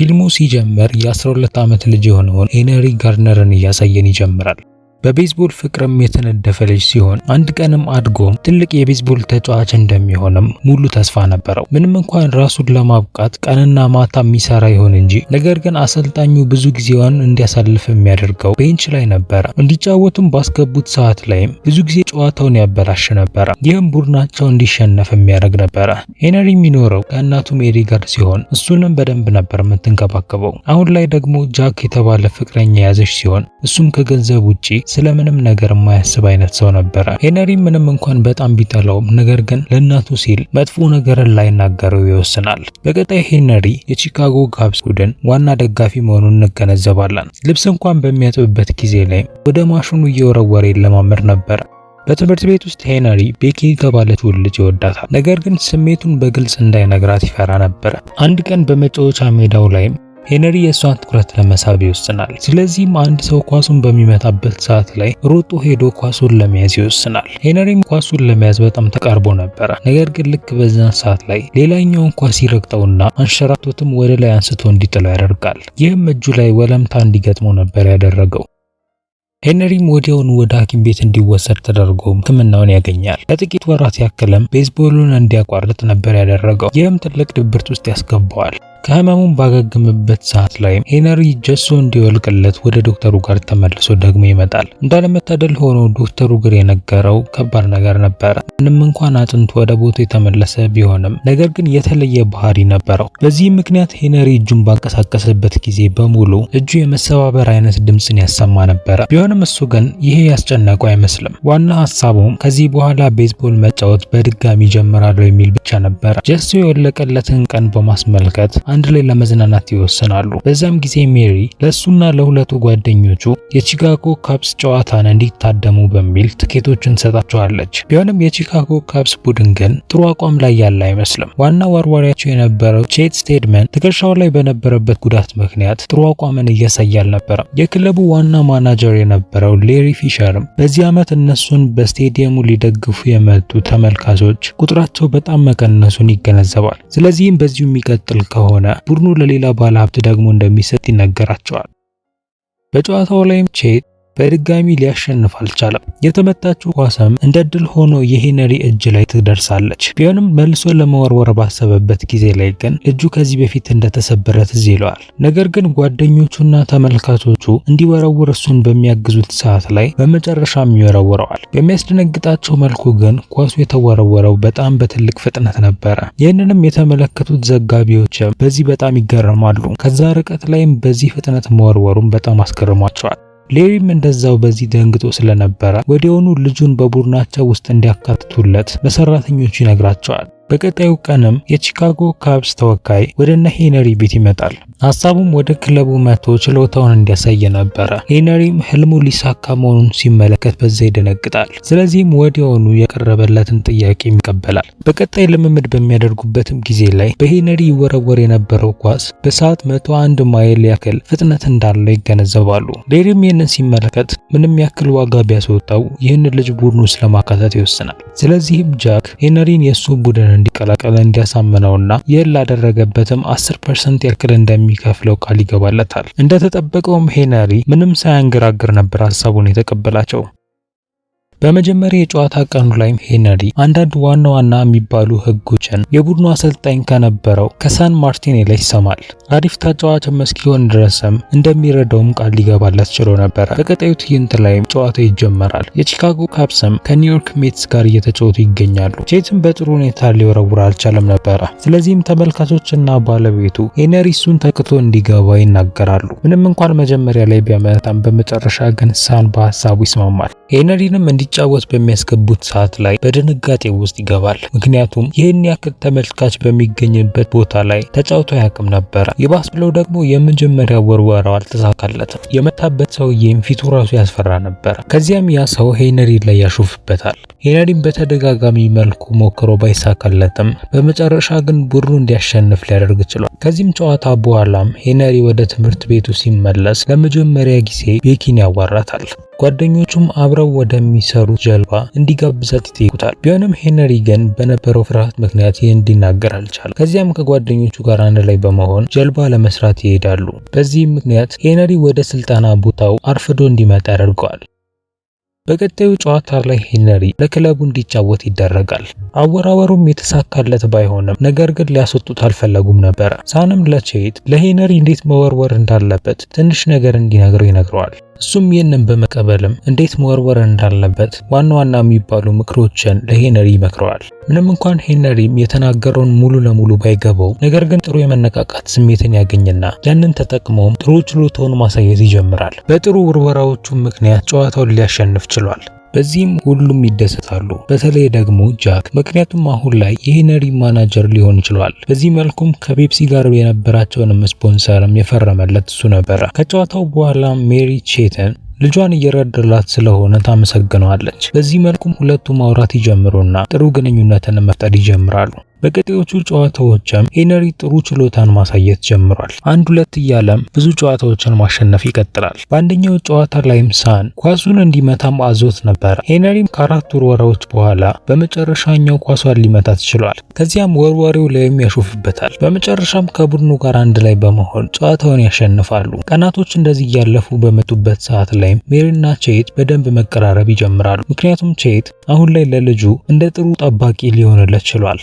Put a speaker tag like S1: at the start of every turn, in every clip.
S1: ፊልሙ ሲጀምር የ12 ዓመት ልጅ የሆነውን ኤነሪ ጋርነርን እያሳየን ይጀምራል። በቤዝቦል ፍቅርም የተነደፈ ልጅ ሲሆን አንድ ቀንም አድጎ ትልቅ የቤዝቦል ተጫዋች እንደሚሆንም ሙሉ ተስፋ ነበረው። ምንም እንኳን ራሱን ለማብቃት ቀንና ማታ የሚሰራ ይሆን እንጂ ነገር ግን አሰልጣኙ ብዙ ጊዜዋን እንዲያሳልፍ የሚያደርገው ቤንች ላይ ነበረ። እንዲጫወቱም ባስገቡት ሰዓት ላይም ብዙ ጊዜ ጨዋታውን ያበላሽ ነበረ። ይህም ቡድናቸው እንዲሸነፍ የሚያደርግ ነበረ። ሄነሪ የሚኖረው ከእናቱ ሜሪ ጋር ሲሆን እሱንም በደንብ ነበር የምትንከባከበው። አሁን ላይ ደግሞ ጃክ የተባለ ፍቅረኛ የያዘች ሲሆን እሱም ከገንዘብ ውጪ። ስለምንም ነገር የማያስብ አይነት ሰው ነበረ። ሄነሪ ምንም እንኳን በጣም ቢጠላውም ነገር ግን ለእናቱ ሲል መጥፎ ነገርን ላይናገረው ይወስናል። በቀጣይ ሄነሪ የቺካጎ ጋብስ ቡድን ዋና ደጋፊ መሆኑን እንገነዘባለን። ልብስ እንኳን በሚያጥብበት ጊዜ ላይ ወደ ማሽኑ እየወረወረ ይለማመድ ነበር። በትምህርት ቤት ውስጥ ሄነሪ ቤኪ የተባለችውን ልጅ ይወዳታል። ነገር ግን ስሜቱን በግልጽ እንዳይነግራት ይፈራ ነበር። አንድ ቀን በመጫወቻ ሜዳው ላይም ሄነሪ የእሷን ትኩረት ለመሳብ ይወስናል። ስለዚህም አንድ ሰው ኳሱን በሚመታበት ሰዓት ላይ ሮጦ ሄዶ ኳሱን ለመያዝ ይወስናል። ሄነሪም ኳሱን ለመያዝ በጣም ተቃርቦ ነበረ። ነገር ግን ልክ በዛን ሰዓት ላይ ሌላኛውን ኳስ ይረግጠውና አንሸራቶትም ወደ ላይ አንስቶ እንዲጥለው ያደርጋል። ይህም እጁ ላይ ወለምታ እንዲገጥመው ነበር ያደረገው። ሄነሪም ወዲያውን ወደ ሐኪም ቤት እንዲወሰድ ተደርጎ ሕክምናውን ያገኛል። ለጥቂት ወራት ያክልም ቤዝቦሉን እንዲያቋርጥ ነበር ያደረገው። ይህም ትልቅ ድብርት ውስጥ ያስገባዋል። ከህመሙን ባገግምበት ሰዓት ላይም ሄነሪ ጀሶ እንዲወልቅለት ወደ ዶክተሩ ጋር ተመልሶ ደግሞ ይመጣል። እንዳለመታደል ሆኖ ዶክተሩ ግር የነገረው ከባድ ነገር ነበረ። ምንም እንኳን አጥንቱ ወደ ቦታ የተመለሰ ቢሆንም ነገር ግን የተለየ ባህሪ ነበረው። በዚህም ምክንያት ሄነሪ እጁን ባንቀሳቀሰበት ጊዜ በሙሉ እጁ የመሰባበር አይነት ድምፅን ያሰማ ነበረ። ቢሆንም እሱ ግን ይሄ ያስጨነቁ አይመስልም። ዋና ሀሳቡም ከዚህ በኋላ ቤዝቦል መጫወት በድጋሚ ጀምራለሁ የሚል ብቻ ነበረ። ጀሶ የወለቀለትን ቀን በማስመልከት አንድ ላይ ለመዝናናት ይወሰናሉ። በዛም ጊዜ ሜሪ ለእሱና ለሁለቱ ጓደኞቹ የቺካጎ ካፕስ ጨዋታን እንዲታደሙ በሚል ትኬቶችን ሰጣቸዋለች። ቢሆንም የቺካጎ ካፕስ ቡድን ግን ጥሩ አቋም ላይ ያለ አይመስልም። ዋና ወርዋሪያቸው የነበረው ቼት ስቴድመን ትከሻው ላይ በነበረበት ጉዳት ምክንያት ጥሩ አቋምን እያሳየ አልነበረም። የክለቡ ዋና ማናጀር የነበረው ሌሪ ፊሸርም በዚህ ዓመት እነሱን በስቴዲየሙ ሊደግፉ የመጡ ተመልካቾች ቁጥራቸው በጣም መቀነሱን ይገነዘባል። ስለዚህም በዚሁ የሚቀጥል ከሆነ ከሆነ ቡድኑ ለሌላ ባለሀብት ደግሞ እንደሚሰጥ ይነገራቸዋል። በጨዋታው ላይም ቼት በድጋሚ ሊያሸንፍ አልቻለም። የተመታችው ኳስም እንደ ድል ሆኖ የሄነሪ እጅ ላይ ትደርሳለች። ቢሆንም መልሶ ለመወርወር ባሰበበት ጊዜ ላይ ግን እጁ ከዚህ በፊት እንደተሰበረ ትዝ ይለዋል። ነገር ግን ጓደኞቹና ተመልካቾቹ እንዲወረውር እሱን በሚያግዙት ሰዓት ላይ በመጨረሻም ይወረውረዋል። በሚያስደነግጣቸው መልኩ ግን ኳሱ የተወረወረው በጣም በትልቅ ፍጥነት ነበረ። ይህንንም የተመለከቱት ዘጋቢዎችም በዚህ በጣም ይገረማሉ። ከዛ ርቀት ላይም በዚህ ፍጥነት መወርወሩን በጣም አስገርሟቸዋል። ሌሪም እንደዛው በዚህ ደንግጦ ስለነበረ ወዲያውኑ ልጁን በቡድናቸው ውስጥ እንዲያካትቱለት ለሰራተኞቹ ይነግራቸዋል። በቀጣዩ ቀንም የቺካጎ ካብስ ተወካይ ወደነ ሄነሪ ቤት ይመጣል። ሀሳቡም ወደ ክለቡ መጥቶ ችሎታውን እንዲያሳይ ነበረ። ሄነሪም ህልሙ ሊሳካ መሆኑን ሲመለከት በዛ ይደነግጣል። ስለዚህም ወዲያውኑ የቀረበለትን ጥያቄ ይቀበላል። በቀጣይ ልምምድ በሚያደርጉበትም ጊዜ ላይ በሄነሪ ይወረወር የነበረው ኳስ በሰዓት 101 ማይል ያክል ፍጥነት እንዳለው ይገነዘባሉ። ሌሪም ይህንን ሲመለከት ምንም ያክል ዋጋ ቢያስወጣው ይህን ልጅ ቡድኑ ስለማካተት ይወስናል። ስለዚህም ጃክ ሄነሪን የእሱ ቡድን እንዲቀላቀል እንዲያሳምነውና ይህን ላደረገበትም 10 ፐርሰንት ያክል እንደሚከፍለው ቃል ይገባለታል። እንደተጠበቀውም ሄነሪ ምንም ሳያንገራግር ነበር ሀሳቡን የተቀበላቸው። በመጀመሪያ የጨዋታ ቀኑ ላይም ሄነሪ አንዳንድ ዋና ዋና የሚባሉ ህጎችን የቡድኑ አሰልጣኝ ከነበረው ከሳን ላይ ይሰማል። አሪፍ ተጫዋችም እስኪሆን ድረስም እንደሚረዳውም ቃል ሊገባለት ችሎ ነበረ። በቀጣዩ ትዕይንት ላይም ጨዋታው ይጀመራል። የቺካጎ ካፕስም ከኒውዮርክ ሜትስ ጋር እየተጫወቱ ይገኛሉ። ቼትም በጥሩ ሁኔታ ሊወረውር አልቻለም ነበረ። ስለዚህም ተመልካቾችና ባለቤቱ ሄነሪ እሱን ተክቶ እንዲገባ ይናገራሉ። ምንም እንኳን መጀመሪያ ላይ ቢያመታም፣ በመጨረሻ ግን ሳን በሀሳቡ ይስማማል። ሄነሪንም እንዲ ሲጫወት በሚያስገቡት ሰዓት ላይ በድንጋጤ ውስጥ ይገባል። ምክንያቱም ይህን ያክል ተመልካች በሚገኝበት ቦታ ላይ ተጫውቶ ያቅም ነበረ። ይባስ ብለው ደግሞ የመጀመሪያ ወርወራው አልተሳካለትም። የመታበት ሰውዬም ፊቱ ራሱ ያስፈራ ነበረ። ከዚያም ያ ሰው ሄነሪ ላይ ያሾፍበታል። ሄነሪም በተደጋጋሚ መልኩ ሞክሮ ባይሳካለትም በመጨረሻ ግን ቡድኑ እንዲያሸንፍ ሊያደርግ ችሏል። ከዚህም ጨዋታ በኋላም ሄነሪ ወደ ትምህርት ቤቱ ሲመለስ ለመጀመሪያ ጊዜ ቤኪን ያዋራታል። ጓደኞቹም አብረው ወደሚሰ በሚሰሩት ጀልባ እንዲጋብዛት ይጠይቁታል። ቢሆንም ሄነሪ ግን በነበረው ፍርሃት ምክንያት ይህ እንዲናገር አልቻለም። ከዚያም ከጓደኞቹ ጋር አንድ ላይ በመሆን ጀልባ ለመስራት ይሄዳሉ። በዚህም ምክንያት ሄነሪ ወደ ስልጠና ቦታው አርፍዶ እንዲመጣ ያደርገዋል። በቀጣዩ ጨዋታ ላይ ሄነሪ ለክለቡ እንዲጫወት ይደረጋል። አወራወሩም የተሳካለት ባይሆንም ነገር ግን ሊያስወጡት አልፈለጉም ነበረ። ሳንም ለቼት ለሄነሪ እንዴት መወርወር እንዳለበት ትንሽ ነገር እንዲነግረው ይነግረዋል። እሱም ይህንን በመቀበልም እንዴት መወርወር እንዳለበት ዋና ዋና የሚባሉ ምክሮችን ለሄነሪ ይመክረዋል። ምንም እንኳን ሄነሪም የተናገረውን ሙሉ ለሙሉ ባይገባው፣ ነገር ግን ጥሩ የመነቃቃት ስሜትን ያገኝና ያንን ተጠቅሞም ጥሩ ችሎታውን ማሳየት ይጀምራል። በጥሩ ውርወራዎቹ ምክንያት ጨዋታውን ሊያሸንፍ ችሏል። በዚህም ሁሉም ይደሰታሉ። በተለይ ደግሞ ጃክ፣ ምክንያቱም አሁን ላይ የሄነሪ ማናጀር ሊሆን ችሏል። በዚህ መልኩም ከፔፕሲ ጋር የነበራቸውንም ስፖንሰርም የፈረመለት እሱ ነበረ። ከጨዋታው በኋላ ሜሪ ቼተን ልጇን እየረዳላት ስለሆነ ታመሰግነዋለች። በዚህ መልኩም ሁለቱ ማውራት ይጀምሩና ጥሩ ግንኙነትን መፍጠር ይጀምራሉ። በቀጤዎቹ ጨዋታዎችም ሄነሪ ጥሩ ችሎታን ማሳየት ጀምሯል። አንድ ሁለት እያለም ብዙ ጨዋታዎችን ማሸነፍ ይቀጥላል። በአንደኛው ጨዋታ ላይም ሳን ኳሱን እንዲመታም አዞት ነበረ። ሄነሪም ከአራት ወርወራዎች በኋላ በመጨረሻኛው ኳሷን ሊመታት ችሏል። ከዚያም ወርዋሪው ላይም ያሾፍበታል። በመጨረሻም ከቡድኑ ጋር አንድ ላይ በመሆን ጨዋታውን ያሸንፋሉ። ቀናቶች እንደዚህ እያለፉ በመጡበት ሰዓት ላይም ሜሪና ቼት በደንብ መቀራረብ ይጀምራሉ። ምክንያቱም ቼት አሁን ላይ ለልጁ እንደ ጥሩ ጠባቂ ሊሆንለት ችሏል።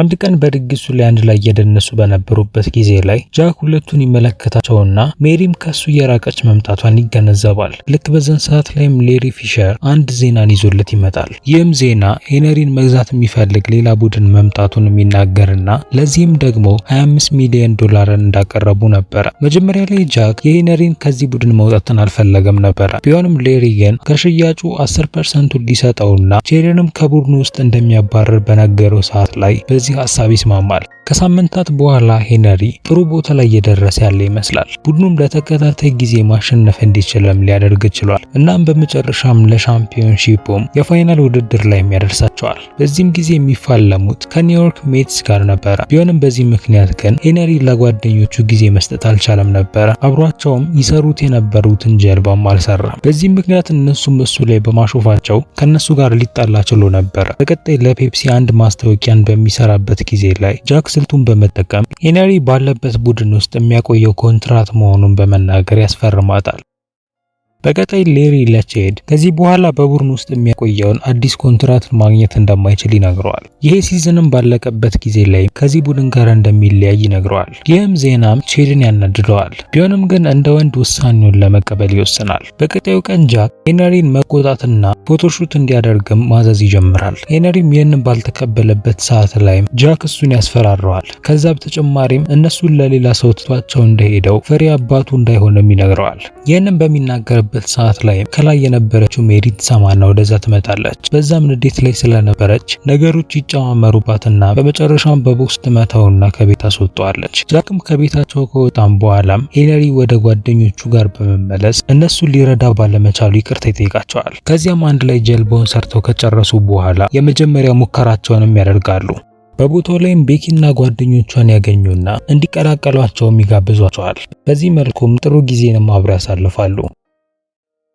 S1: አንድ ቀን በድግሱ ላይ አንድ ላይ እየደነሱ በነበሩበት ጊዜ ላይ ጃክ ሁለቱን ይመለከታቸውና ሜሪም ከሱ እየራቀች መምጣቷን ይገነዘባል። ልክ በዘን ሰዓት ላይም ሌሪ ፊሸር አንድ ዜናን ይዞለት ይመጣል። ይህም ዜና ሄነሪን መግዛት የሚፈልግ ሌላ ቡድን መምጣቱን የሚናገርና ለዚህም ደግሞ 25 ሚሊዮን ዶላርን እንዳቀረቡ ነበረ። መጀመሪያ ላይ ጃክ የሄነሪን ከዚህ ቡድን መውጣትን አልፈለገም ነበረ። ቢሆንም ሌሪ ግን ከሽያጩ 10 ፐርሰንቱን ሊሰጠውና ጄሬንም ከቡድኑ ውስጥ እንደሚያባረር በነገረው ሰዓት ላይ በዚህ ሀሳብ ይስማማል። ከሳምንታት በኋላ ሄነሪ ጥሩ ቦታ ላይ እየደረሰ ያለ ይመስላል። ቡድኑም ለተከታታይ ጊዜ ማሸነፍ እንዲችልም ሊያደርግ ችሏል። እናም በመጨረሻም ለሻምፒዮንሺፕም የፋይናል ውድድር ላይ ያደርሳቸዋል። በዚህም ጊዜ የሚፋለሙት ከኒውዮርክ ሜትስ ጋር ነበረ። ቢሆንም በዚህ ምክንያት ግን ሄነሪ ለጓደኞቹ ጊዜ መስጠት አልቻለም ነበረ። አብሯቸውም ይሰሩት የነበሩትን ጀልባም አልሰራም። በዚህም ምክንያት እነሱም እሱ ላይ በማሾፋቸው ከነሱ ጋር ሊጣላ ችሎ ነበረ። በቀጣይ ለፔፕሲ አንድ ማስታወቂያን በሚሰራ በሚሰራበት ጊዜ ላይ ጃክ ስልቱን በመጠቀም ሄነሪ ባለበት ቡድን ውስጥ የሚያቆየው ኮንትራት መሆኑን በመናገር ያስፈርማታል። በቀጣይ ሌሪ ለቼድ ከዚህ በኋላ በቡድን ውስጥ የሚያቆየውን አዲስ ኮንትራት ማግኘት እንደማይችል ይነግረዋል። ይሄ ሲዝንም ባለቀበት ጊዜ ላይ ከዚህ ቡድን ጋር እንደሚለያይ ይነግረዋል። ይህም ዜናም ቼድን ያናድደዋል። ቢሆንም ግን እንደ ወንድ ውሳኔውን ለመቀበል ይወስናል። በቀጣዩ ቀን ጃክ ሄነሪን መቆጣትና ፎቶሹት እንዲያደርግም ማዘዝ ይጀምራል። ሄነሪም ይህንን ባልተቀበለበት ሰዓት ላይም ጃክ እሱን ያስፈራረዋል። ከዛ በተጨማሪም እነሱን ለሌላ ሰው ትቷቸው እንደሄደው ፈሪ አባቱ እንዳይሆንም ይነግረዋል። ይህንን በሚናገርበት በሚወጣበት ሰዓት ላይ ከላይ የነበረችው ሜሪት ሰማና ወደዛ ትመጣለች። በዛም ንዴት ላይ ስለነበረች ነገሮች ይጨማመሩባትና በመጨረሻም በቦክስ ትመታውና ከቤት አስወጣዋለች። ጃክም ከቤታቸው ከወጣም በኋላም ሄነሪ ወደ ጓደኞቹ ጋር በመመለስ እነሱን ሊረዳ ባለመቻሉ ይቅርታ ይጠይቃቸዋል። ከዚያም አንድ ላይ ጀልባውን ሰርተው ከጨረሱ በኋላ የመጀመሪያ ሙከራቸውንም ያደርጋሉ። በቦታው ላይም ቤኪና ጓደኞቿን ያገኙና እንዲቀላቀሏቸውም ይጋብዟቸዋል። በዚህ መልኩም ጥሩ ጊዜንም አብረው ያሳልፋሉ።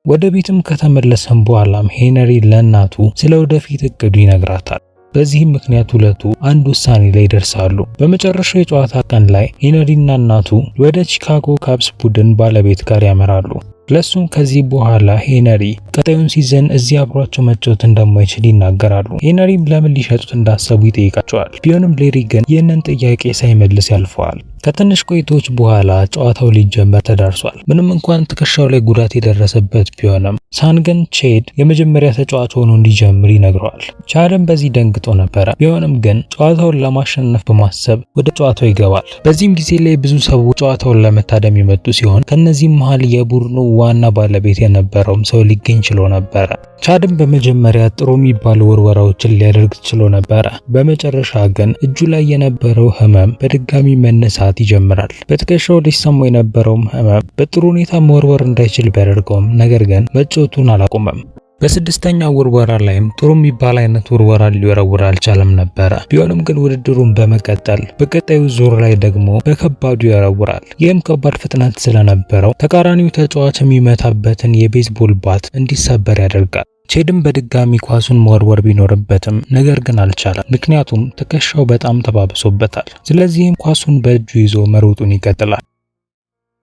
S1: ወደ ቤትም ከተመለሰም በኋላም ሄነሪ ለእናቱ ስለ ወደፊት እቅዱ ይነግራታል። በዚህም ምክንያት ሁለቱ አንድ ውሳኔ ላይ ይደርሳሉ። በመጨረሻው የጨዋታ ቀን ላይ ሄነሪና እናቱ ወደ ቺካጎ ካብስ ቡድን ባለቤት ጋር ያመራሉ። ለሱም ከዚህ በኋላ ሄነሪ ቀጣዩን ሲዘን እዚህ አብሯቸው መጫወት እንደማይችል ይናገራሉ። ሄነሪም ለምን ሊሸጡት እንዳሰቡ ይጠይቃቸዋል። ቢሆንም ሌሪ ግን ይህንን ጥያቄ ሳይመልስ ያልፈዋል። ከትንሽ ቆይቶች በኋላ ጨዋታው ሊጀመር ተዳርሷል። ምንም እንኳን ትከሻው ላይ ጉዳት የደረሰበት ቢሆንም ሳንገን ቼድ የመጀመሪያ ተጫዋች ሆኖ እንዲጀምር ይነግረዋል። ቻድን በዚህ ደንግጦ ነበረ። ቢሆንም ግን ጨዋታውን ለማሸነፍ በማሰብ ወደ ጨዋታው ይገባል። በዚህም ጊዜ ላይ ብዙ ሰዎች ጨዋታውን ለመታደም የመጡ ሲሆን ከነዚህም መሀል የቡድኑ ዋና ባለቤት የነበረውም ሰው ሊገኝ ችሎ ነበረ። ቻድም በመጀመሪያ ጥሩ የሚባሉ ወርወራዎችን ሊያደርግ ችሎ ነበረ። በመጨረሻ ግን እጁ ላይ የነበረው ህመም በድጋሚ መነሳት ይጀምራል። በትከሻው ሊሰማው የነበረውም ህመም በጥሩ ሁኔታ መወርወር እንዳይችል ቢያደርገውም ነገር ግን መጫወቱን አላቆመም። በስድስተኛው ውርወራ ላይም ጥሩ የሚባል አይነት ውርወራ ሊወረውር አልቻለም ነበረ። ቢሆንም ግን ውድድሩን በመቀጠል በቀጣዩ ዙር ላይ ደግሞ በከባዱ ይወረውራል። ይህም ከባድ ፍጥነት ስለነበረው ተቃራኒው ተጫዋች የሚመታበትን የቤዝቦል ባት እንዲሰበር ያደርጋል። ቼድም በድጋሚ ኳሱን መወርወር ቢኖርበትም ነገር ግን አልቻለም፣ ምክንያቱም ትከሻው በጣም ተባብሶበታል። ስለዚህም ኳሱን በእጁ ይዞ መሮጡን ይቀጥላል።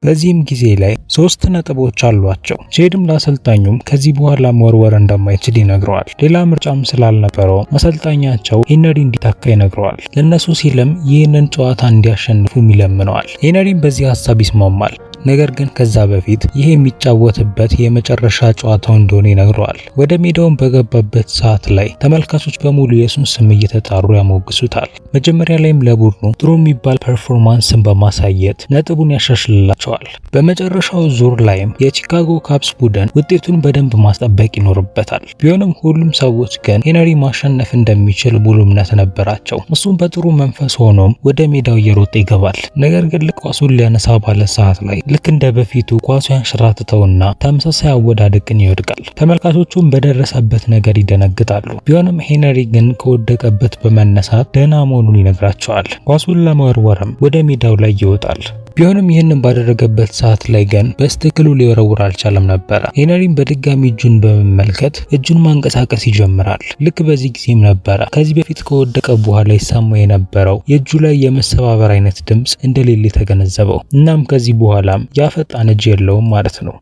S1: በዚህም ጊዜ ላይ ሶስት ነጥቦች አሏቸው። ሼድም ለአሰልጣኙም ከዚህ በኋላ መወርወር እንደማይችል ይነግረዋል። ሌላ ምርጫም ስላልነበረው አሰልጣኛቸው ሄነሪ እንዲተካ ይነግረዋል። ለእነሱ ሲልም ይህንን ጨዋታ እንዲያሸንፉም ይለምነዋል። ሄነሪም በዚህ ሀሳብ ይስማማል። ነገር ግን ከዛ በፊት ይህ የሚጫወትበት የመጨረሻ ጨዋታው እንደሆነ ይነግረዋል። ወደ ሜዳውን በገባበት ሰዓት ላይ ተመልካቾች በሙሉ የእሱን ስም እየተጣሩ ያሞግሱታል። መጀመሪያ ላይም ለቡድኑ ጥሩ የሚባል ፐርፎርማንስን በማሳየት ነጥቡን ያሻሽልላቸዋል። በመጨረሻው ዙር ላይም የቺካጎ ካፕስ ቡድን ውጤቱን በደንብ ማስጠበቅ ይኖርበታል። ቢሆንም ሁሉም ሰዎች ግን ሄነሪ ማሸነፍ እንደሚችል ሙሉ እምነት ነበራቸው። እሱም በጥሩ መንፈስ ሆኖም ወደ ሜዳው እየሮጠ ይገባል። ነገር ግን ልቋሱን ሊያነሳ ባለ ሰዓት ላይ ልክ እንደ በፊቱ ኳሱ ያንሸራትተውና ተመሳሳይ አወዳደቅን ይወድቃል። ተመልካቾቹም በደረሰበት ነገር ይደነግጣሉ። ቢሆንም ሄነሪ ግን ከወደቀበት በመነሳት ደህና መሆኑን ይነግራቸዋል። ኳሱን ለመወርወርም ወደ ሜዳው ላይ ይወጣል። ቢሆንም ይህንን ባደረገበት ሰዓት ላይ ግን በስትክሉ ሊወረውር አልቻለም ነበረ። ሄነሪም በድጋሚ እጁን በመመልከት እጁን ማንቀሳቀስ ይጀምራል። ልክ በዚህ ጊዜም ነበረ ከዚህ በፊት ከወደቀ በኋላ ይሰማ የነበረው የእጁ ላይ የመሰባበር አይነት ድምፅ እንደሌለ የተገነዘበው። እናም ከዚህ በኋላም ያፈጣን እጅ የለውም ማለት ነው።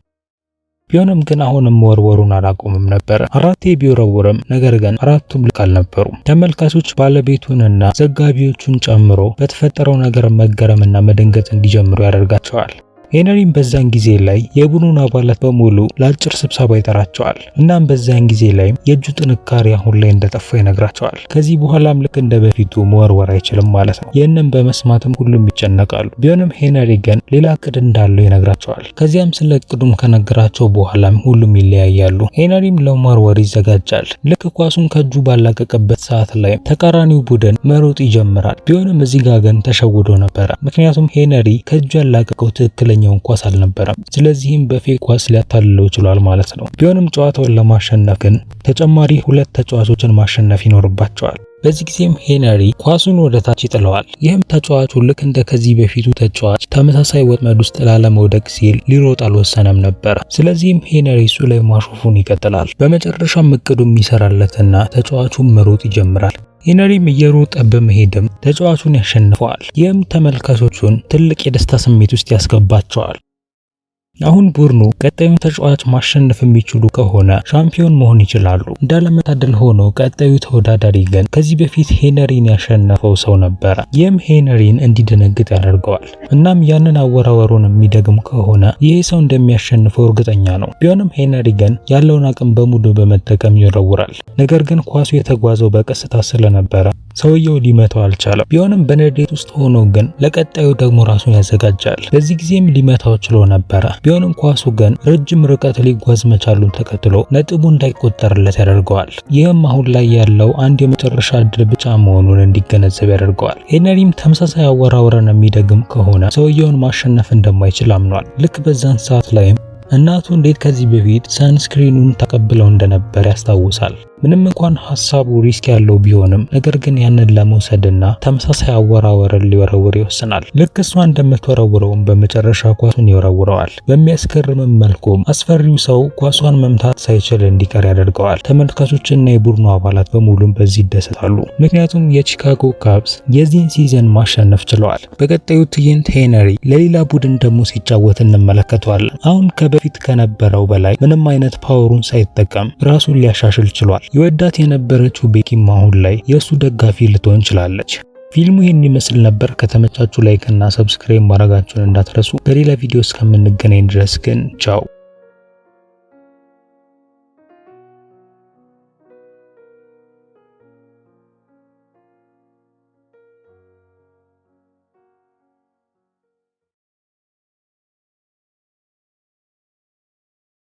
S1: ቢሆንም ግን አሁንም መወርወሩን አላቆምም ነበር አራቴ ቢወረውርም ነገር ግን አራቱም ልክ አልነበሩም። ተመልካቾች ባለቤቱንና ዘጋቢዎቹን ጨምሮ በተፈጠረው ነገር መገረምና መደንገጥ እንዲጀምሩ ያደርጋቸዋል። ሄነሪም በዛን ጊዜ ላይ የቡድኑን አባላት በሙሉ ለአጭር ስብሰባ ይጠራቸዋል። እናም በዛን ጊዜ ላይም የእጁ ጥንካሬ አሁን ላይ እንደጠፋ ይነግራቸዋል። ከዚህ በኋላም ልክ እንደ በፊቱ መወርወር አይችልም ማለት ነው። ይህንን በመስማትም ሁሉም ይጨነቃሉ። ቢሆንም ሄነሪ ግን ሌላ እቅድ እንዳለው ይነግራቸዋል። ከዚያም ስለ እቅዱም ከነገራቸው በኋላም ሁሉም ይለያያሉ። ሄነሪም ለመወርወር ይዘጋጃል። ልክ ኳሱን ከእጁ ባላቀቀበት ሰዓት ላይ ተቃራኒው ቡድን መሮጥ ይጀምራል። ቢሆንም እዚህ ጋ ግን ተሸውዶ ነበረ። ምክንያቱም ሄነሪ ከእጁ ያላቀቀው ትክክለ አንደኛውን ኳስ አልነበረም። ስለዚህም በፌክ ኳስ ሊያታልለው ችሏል ማለት ነው። ቢሆንም ጨዋታውን ለማሸነፍ ግን ተጨማሪ ሁለት ተጫዋቾችን ማሸነፍ ይኖርባቸዋል። በዚህ ጊዜም ሄነሪ ኳሱን ወደ ታች ይጥለዋል። ይህም ተጫዋቹ ልክ እንደ ከዚህ በፊቱ ተጫዋች ተመሳሳይ ወጥመድ ውስጥ ላለመውደቅ ሲል ሊሮጥ አልወሰነም ነበር። ስለዚህም ሄነሪ እሱ ላይ ማሾፉን ይቀጥላል። በመጨረሻም እቅዱ ይሰራለትና ተጫዋቹም መሮጥ ይጀምራል። ሄነሪም እየሮጠ በመሄድም ተጫዋቹን ያሸንፈዋል። ይህም ተመልካቾቹን ትልቅ የደስታ ስሜት ውስጥ ያስገባቸዋል። አሁን ቡድኑ ቀጣዩን ተጫዋች ማሸነፍ የሚችሉ ከሆነ ሻምፒዮን መሆን ይችላሉ። እንዳለመታደል ሆኖ ቀጣዩ ተወዳዳሪ ግን ከዚህ በፊት ሄነሪን ያሸነፈው ሰው ነበረ። ይህም ሄነሪን እንዲደነግጥ ያደርገዋል። እናም ያንን አወራወሩን የሚደግም ከሆነ ይሄ ሰው እንደሚያሸንፈው እርግጠኛ ነው። ቢሆንም ሄነሪ ግን ያለውን አቅም በሙሉ በመጠቀም ይወረውራል። ነገር ግን ኳሱ የተጓዘው በቀስታ ስለነበረ ሰውየው ሊመታው አልቻለም። ቢሆንም በንዴት ውስጥ ሆኖ ግን ለቀጣዩ ደግሞ ራሱን ያዘጋጃል። በዚህ ጊዜም ሊመታው ችሎ ነበረ። ቢሆንም ኳሱ ግን ረጅም ርቀት ሊጓዝ መቻሉን ተከትሎ ነጥቡ እንዳይቆጠርለት ያደርገዋል። ይህም አሁን ላይ ያለው አንድ የመጨረሻ እድል ብቻ መሆኑን እንዲገነዘብ ያደርገዋል። ሄነሪም ተመሳሳይ አወራወረን የሚደግም ከሆነ ሰውየውን ማሸነፍ እንደማይችል አምኗል። ልክ በዛን ሰዓት ላይም እናቱ እንዴት ከዚህ በፊት ሳንስክሪኑን ተቀብለው እንደነበር ያስታውሳል። ምንም እንኳን ሀሳቡ ሪስክ ያለው ቢሆንም ነገር ግን ያንን ለመውሰድና ተመሳሳይ አወራወርን ሊወረውር ይወስናል። ልክ እሷ እንደምትወረውረውም በመጨረሻ ኳሱን ይወረውረዋል። በሚያስገርምም መልኩም አስፈሪው ሰው ኳሷን መምታት ሳይችል እንዲቀር ያደርገዋል። ተመልካቾችና የቡድኑ አባላት በሙሉም በዚህ ይደሰታሉ፣ ምክንያቱም የቺካጎ ካፕስ የዚህን ሲዘን ማሸነፍ ችለዋል። በቀጣዩ ትዕይንት ሄነሪ ለሌላ ቡድን ደግሞ ሲጫወት እንመለከተዋለን። አሁን ከበፊት ከነበረው በላይ ምንም አይነት ፓወሩን ሳይጠቀም ራሱን ሊያሻሽል ችሏል። ይወዳት የነበረችው ቤኪም አሁን ላይ የእሱ ደጋፊ ልትሆን ችላለች። ፊልሙ ይህን ይመስል ነበር። ከተመቻችሁ ላይክ እና ሰብስክራይብ ማድረጋችሁን እንዳትረሱ። በሌላ ቪዲዮ እስከምንገናኝ ድረስ ግን ቻው።